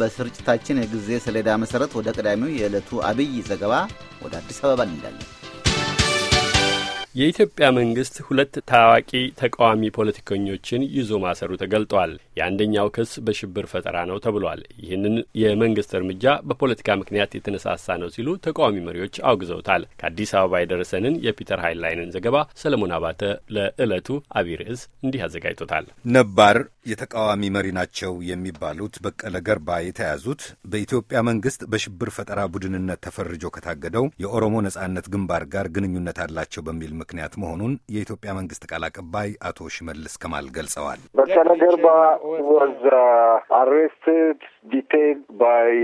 በስርጭታችን የጊዜ ሰሌዳ መሰረት ወደ ቀዳሚው የዕለቱ አብይ ዘገባ ወደ አዲስ አበባ እንሄዳለን። የኢትዮጵያ መንግስት ሁለት ታዋቂ ተቃዋሚ ፖለቲከኞችን ይዞ ማሰሩ ተገልጧል። የአንደኛው ክስ በሽብር ፈጠራ ነው ተብሏል። ይህንን የመንግስት እርምጃ በፖለቲካ ምክንያት የተነሳሳ ነው ሲሉ ተቃዋሚ መሪዎች አውግዘውታል። ከአዲስ አበባ የደረሰንን የፒተር ሃይላይንን ዘገባ ሰለሞን አባተ ለዕለቱ አቢይ ርዕስ እንዲህ አዘጋጅቶታል። ነባር የተቃዋሚ መሪ ናቸው የሚባሉት በቀለ ገርባ የተያዙት በኢትዮጵያ መንግስት በሽብር ፈጠራ ቡድንነት ተፈርጆ ከታገደው የኦሮሞ ነጻነት ግንባር ጋር ግንኙነት አላቸው በሚል ምክንያት መሆኑን የኢትዮጵያ መንግስት ቃል አቀባይ አቶ ሽመልስ ከማል ገልጸዋል። በቀለ ገርባ ወዝ አሬስትድ ዲቴይንድ ባይ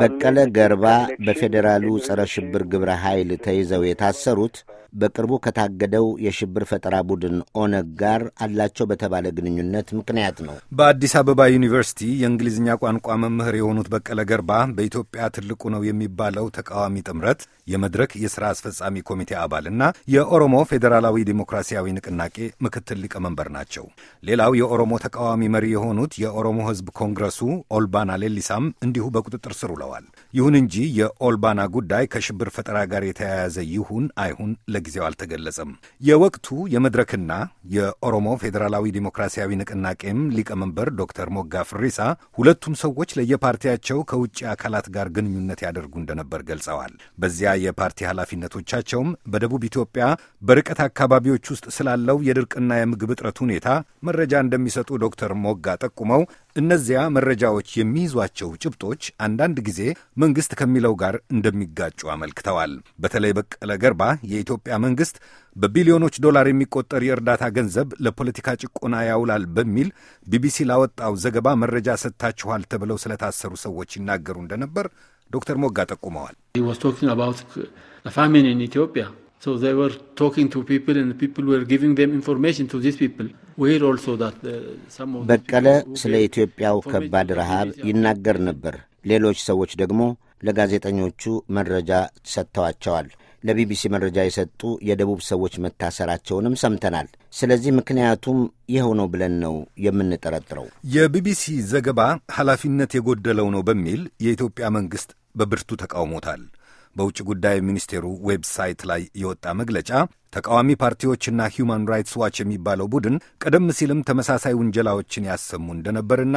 በቀለ ገርባ በፌዴራሉ ጸረ ሽብር ግብረ ኃይል ተይዘው የታሰሩት በቅርቡ ከታገደው የሽብር ፈጠራ ቡድን ኦነግ ጋር አላቸው በተባለ ግንኙነት ምክንያት ነው። በአዲስ አበባ ዩኒቨርሲቲ የእንግሊዝኛ ቋንቋ መምህር የሆኑት በቀለ ገርባ በኢትዮጵያ ትልቁ ነው የሚባለው ተቃዋሚ ጥምረት የመድረክ የሥራ አስፈጻሚ ኮሚቴ አባልና የኦሮሞ ፌዴራላዊ ዴሞክራሲያዊ ንቅናቄ ምክትል ሊቀመንበር ናቸው። ሌላው የኦሮሞ ተቃዋሚ መሪ የሆኑት የኦሮሞ ህዝብ ኮንግረሱ ኦልባና ሌሊሳም እንዲሁ በቁጥጥር ስር ውለዋል። ይሁን እንጂ የኦልባና ጉዳይ ከሽብር ፈጠራ ጋር የተያያዘ ይሁን አይሁን ለጊዜው አልተገለጸም። የወቅቱ የመድረክና የኦሮሞ ፌዴራላዊ ዲሞክራሲያዊ ንቅናቄም ሊቀመንበር ዶክተር ሞጋ ፍሪሳ ሁለቱም ሰዎች ለየፓርቲያቸው ከውጭ አካላት ጋር ግንኙነት ያደርጉ እንደነበር ገልጸዋል። በዚያ የፓርቲ ኃላፊነቶቻቸውም በደቡብ ኢትዮጵያ በርቀት አካባቢዎች ውስጥ ስላለው የድርቅና የምግብ እጥረት ሁኔታ መረጃ እንደሚሰጡ ዶክተር ሞጋ ጠቁመው እነዚያ መረጃዎች የሚይዟቸው ጭብጦች አንዳንድ ጊዜ መንግሥት ከሚለው ጋር እንደሚጋጩ አመልክተዋል። በተለይ በቀለ ገርባ የኢትዮጵያ መንግሥት በቢሊዮኖች ዶላር የሚቆጠር የእርዳታ ገንዘብ ለፖለቲካ ጭቆና ያውላል በሚል ቢቢሲ ላወጣው ዘገባ መረጃ ሰጥታችኋል ተብለው ስለታሰሩ ሰዎች ይናገሩ እንደነበር ዶክተር ሞጋ ጠቁመዋል። So they were talking to people and people were giving them information to these people. We hear also that uh, some of በቀለ ስለ ኢትዮጵያው ከባድ ረሃብ ይናገር ነበር። ሌሎች ሰዎች ደግሞ ለጋዜጠኞቹ መረጃ ሰጥተዋቸዋል። ለቢቢሲ መረጃ የሰጡ የደቡብ ሰዎች መታሰራቸውንም ሰምተናል። ስለዚህ ምክንያቱም ይኸው ነው ብለን ነው የምንጠረጥረው። የቢቢሲ ዘገባ ኃላፊነት የጎደለው ነው በሚል የኢትዮጵያ መንግሥት በብርቱ ተቃውሞታል። በውጭ ጉዳይ ሚኒስቴሩ ዌብሳይት ላይ የወጣ መግለጫ ተቃዋሚ ፓርቲዎችና ሂውማን ራይትስ ዋች የሚባለው ቡድን ቀደም ሲልም ተመሳሳይ ውንጀላዎችን ያሰሙ እንደነበርና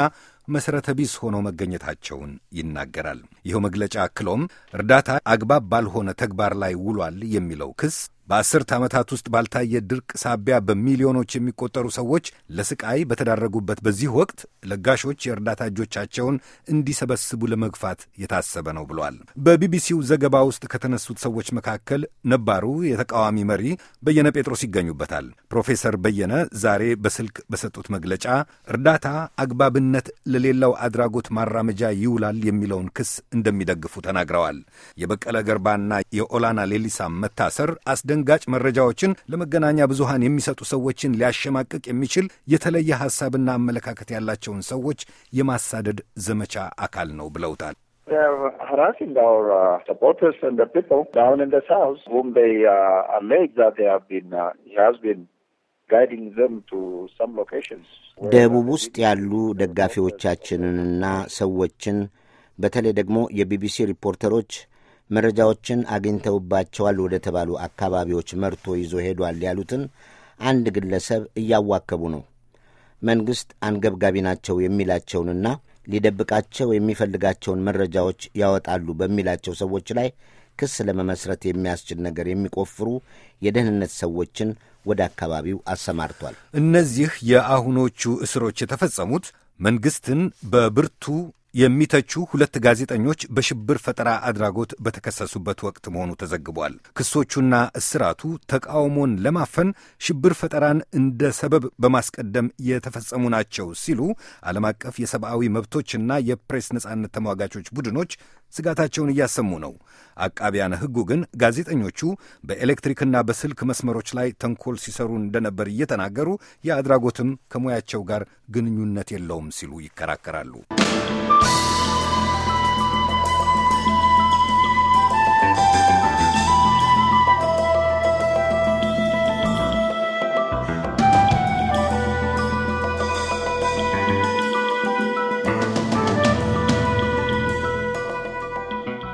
መሠረተ ቢስ ሆኖ መገኘታቸውን ይናገራል። ይኸው መግለጫ አክሎም እርዳታ አግባብ ባልሆነ ተግባር ላይ ውሏል የሚለው ክስ በአስርት ዓመታት ውስጥ ባልታየ ድርቅ ሳቢያ በሚሊዮኖች የሚቆጠሩ ሰዎች ለስቃይ በተዳረጉበት በዚህ ወቅት ለጋሾች የእርዳታ እጆቻቸውን እንዲሰበስቡ ለመግፋት የታሰበ ነው ብሏል። በቢቢሲው ዘገባ ውስጥ ከተነሱት ሰዎች መካከል ነባሩ የተቃዋሚ መሪ በየነ ጴጥሮስ ይገኙበታል። ፕሮፌሰር በየነ ዛሬ በስልክ በሰጡት መግለጫ እርዳታ አግባብነት ለሌላው አድራጎት ማራመጃ ይውላል የሚለውን ክስ እንደሚደግፉ ተናግረዋል። የበቀለ ገርባና የኦላና ሌሊሳ መታሰር አስደ አስደንጋጭ መረጃዎችን ለመገናኛ ብዙሃን የሚሰጡ ሰዎችን ሊያሸማቅቅ የሚችል የተለየ ሀሳብና አመለካከት ያላቸውን ሰዎች የማሳደድ ዘመቻ አካል ነው ብለውታል። uh, uh, uh, ደቡብ ውስጥ ያሉ ደጋፊዎቻችንንና ሰዎችን በተለይ ደግሞ የቢቢሲ ሪፖርተሮች መረጃዎችን አግኝተውባቸዋል ወደ ተባሉ አካባቢዎች መርቶ ይዞ ሄዷል ያሉትን አንድ ግለሰብ እያዋከቡ ነው። መንግሥት አንገብጋቢ ናቸው የሚላቸውንና ሊደብቃቸው የሚፈልጋቸውን መረጃዎች ያወጣሉ በሚላቸው ሰዎች ላይ ክስ ለመመስረት የሚያስችል ነገር የሚቆፍሩ የደህንነት ሰዎችን ወደ አካባቢው አሰማርቷል። እነዚህ የአሁኖቹ እስሮች የተፈጸሙት መንግሥትን በብርቱ የሚተቹ ሁለት ጋዜጠኞች በሽብር ፈጠራ አድራጎት በተከሰሱበት ወቅት መሆኑ ተዘግቧል። ክሶቹና እስራቱ ተቃውሞን ለማፈን ሽብር ፈጠራን እንደ ሰበብ በማስቀደም የተፈጸሙ ናቸው ሲሉ ዓለም አቀፍ የሰብአዊ መብቶችና የፕሬስ ነጻነት ተሟጋቾች ቡድኖች ስጋታቸውን እያሰሙ ነው። አቃቢያነ ሕጉ ግን ጋዜጠኞቹ በኤሌክትሪክና በስልክ መስመሮች ላይ ተንኮል ሲሰሩ እንደነበር እየተናገሩ የአድራጎትም ከሙያቸው ጋር ግንኙነት የለውም ሲሉ ይከራከራሉ።